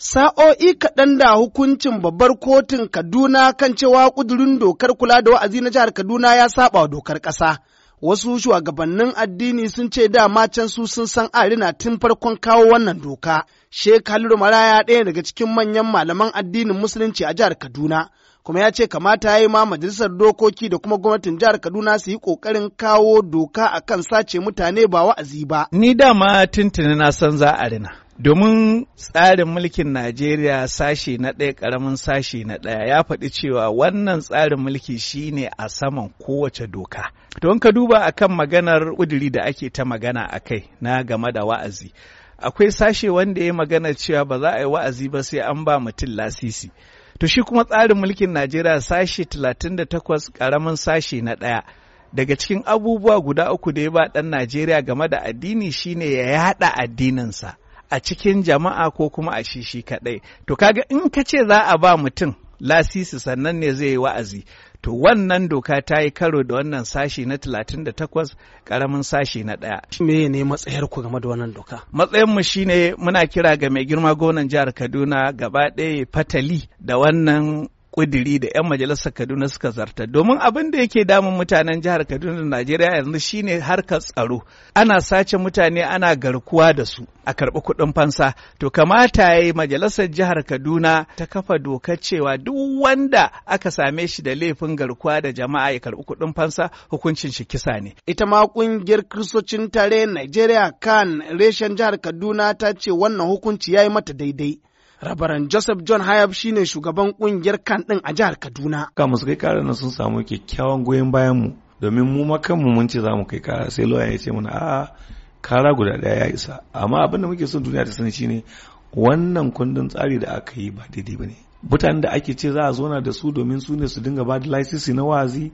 sa'o'i kaɗan da hukuncin babbar kotun Kaduna kan cewa ƙudurin dokar kula da wa'azi na jihar Kaduna ya saba dokar ƙasa. Wasu shugabannin addini sun ce dama can su sun san arina tun farkon kawo wannan doka. Sheikh Halilu Maraya ɗaya daga cikin manyan malaman addinin Musulunci a jihar Kaduna. kuma ya ce kamata ya yi ma majalisar dokoki da kuma gwamnatin jihar Kaduna su yi kokarin kawo doka akan sace mutane ba wa'azi ba. Ni dama tuntuni na san za a rina. Domin tsarin mulkin Najeriya sashe na ɗaya ƙaramin sashe na ɗaya ya faɗi cewa wannan tsarin mulki shine a saman kowace doka. To in ka duba a kan maganar ƙuduri da ake ta magana a kai na game da wa'azi. Akwai sashe wanda ya magana cewa ba za a yi wa'azi ba sai an ba mutum lasisi. To shi kuma tsarin mulkin Najeriya sashe takwas, ƙaramin sashe na ɗaya. daga cikin abubuwa guda uku da ya ba ɗan Najeriya game da addini shine ya yaɗa addininsa. a cikin jama'a ko kuma a shi kaɗai to kaga in ka ce za a ba mutum lasisi sannan ne zai yi wa'azi to wannan doka ta yi karo da wannan sashi na 38 karamin sashi na ɗaya. me ne matsayar ku game da wannan doka matsayin mu shine muna kira ga mai girma gonan jihar Kaduna gaba ɗaya fatali da wannan ƙudiri da 'yan majalisar Kaduna suka zarta domin abin da yake damun mutanen jihar Kaduna da Najeriya yanzu shine harkar tsaro ana sace mutane ana garkuwa da su a karɓi kuɗin fansa to kamata ya yi majalisar jihar Kaduna ta kafa doka cewa duk wanda aka same shi da laifin garkuwa da jama'a ya karɓi kuɗin fansa hukuncin shi kisa ne. Ita ma ƙungiyar Kiristocin tare Najeriya kan reshen jihar Kaduna ta ce wannan hukunci ya yi mata daidai. Rabaran Joseph John Hayab shine shugaban kungiyar kan ɗin a jihar Kaduna. Ga musu kai kara na sun samu kyakkyawan goyon bayan mu domin mu ma kanmu mun ce za mu kai kara sai lawyer ya ce mana a kara guda daya ya isa amma abin da muke son duniya ta sani shine wannan kundin tsari da aka yi ba daidai ba ne mutanen da ake ce za a zona da su domin su ne su dinga ba da lasisi na wa'azi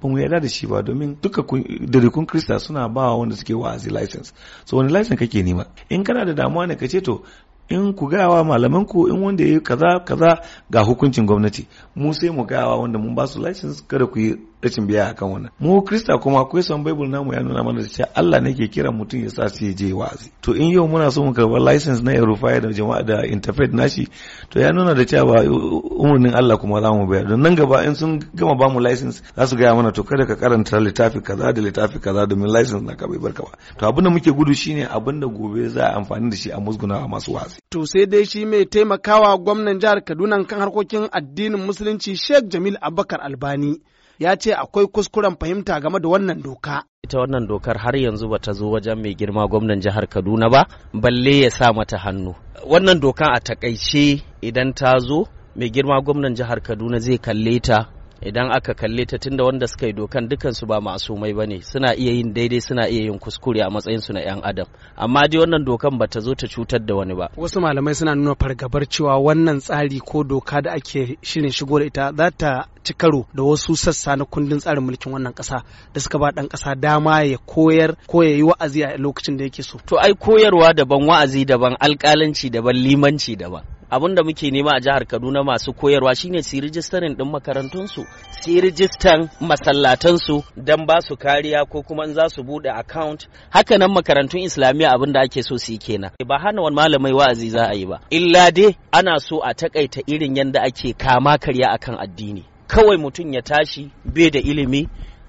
ba mu yarda da shi ba domin duka dalilkun krista suna ba wanda suke wa'azi license so wani license kake nema in kana da damuwa ne ka ce to in ku gaya wa malaman ku in wanda ya yi kaza kaza ga hukuncin gwamnati mu sai mu gawa wanda mun ba su license kada ku yi rashin biya a kan wannan mu kirista kuma akwai san bible namu ya nuna mana cewa Allah ne ke kira mutum ya sa shi ya je wa'azi to in yau muna so mu karɓar license na Erufaya da jama'a da interpret nashi to ya nuna da cewa umurnin Allah kuma za mu biya don nan gaba in sun gama ba mu license za su gaya mana to kada ka karanta littafi kaza da littafi kaza domin license na ka bai barka ba to abin muke gudu shine abin da gobe za a amfani da shi a musguna a masu wa'azi to sai dai shi mai taimakawa gwamnan jihar Kaduna kan harkokin addinin musulunci Sheikh Jamil Abubakar Albani ya ce akwai kuskuren fahimta game da wannan doka. Ita wannan dokar har yanzu bata zo wajen mai girma gwamnan jihar Kaduna ba, balle ya sa mata hannu. Wannan doka a takaice idan ta zo mai girma gwamnan jihar Kaduna zai kalle ta idan aka kalle ta tunda wanda suka yi dokan dukansu ba masumai ba ne suna iya yin daidai suna iya yin kuskure a matsayinsu na 'yan adam amma dai wannan dokan ba ta zo ta cutar da wani ba wasu malamai suna nuna fargabar cewa wannan tsari ko doka da ake shirin shigo da ita za ta ci karo da wasu sassa na kundin tsarin mulkin wannan kasa da suka ba dan kasa dama ya koyar ko ya yi wa'azi a lokacin da yake so to ai koyarwa daban wa'azi daban alƙalanci daban limanci daban abin da muke nema a jihar Kaduna masu koyarwa shine su rijistarin din makarantunsu su rijistan masallatansu don ba su kariya ko kuma in za su bude account Haka nan makarantun islamiyya abin da ake so su yi kenan ba hana wani malamai wa'azi za a yi ba illa dai ana so a takaita irin yadda ake kama karya akan addini kawai mutum ya tashi bai da ilimi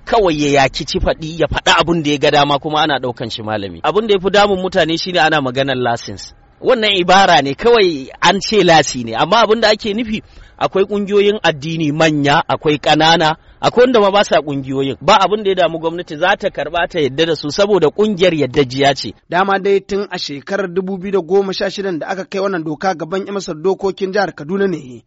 kawai ya yaki ci faɗi ya faɗa abin da ya ga dama kuma ana ɗaukan shi malami abin da ya fi damun mutane shine ana maganar lasins wannan ibara ne kawai an ce lasi ne amma abin da ake nufi akwai ƙungiyoyin addini manya akwai ƙanana akwai wanda ma ba sa ƙungiyoyin ba abin da ya damu gwamnati za ta karɓa ta yadda da su saboda ƙungiyar yadda jiya ce. dama dai tun a shekarar dubu biyu da goma sha shidan da aka kai wannan doka gaban imasar dokokin jihar kaduna ne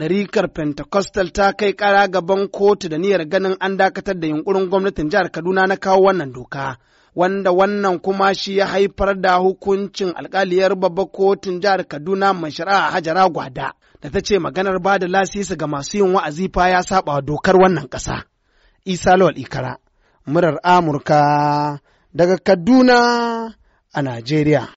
ɗarikar pentecostal ta kai ƙara gaban kotu da niyyar ganin an dakatar da yunkurin gwamnatin jihar kaduna na kawo wannan doka. wanda wannan kuma shi ya haifar da hukuncin alkaliyar babbar kotun jihar Kaduna mai shari'a Hajara Gwada da ta ce maganar ba da lasisi ga masu yin wa'azi fa ya saba dokar wannan ƙasa. Isa Lawal Ikara, murar Amurka daga Kaduna a Najeriya.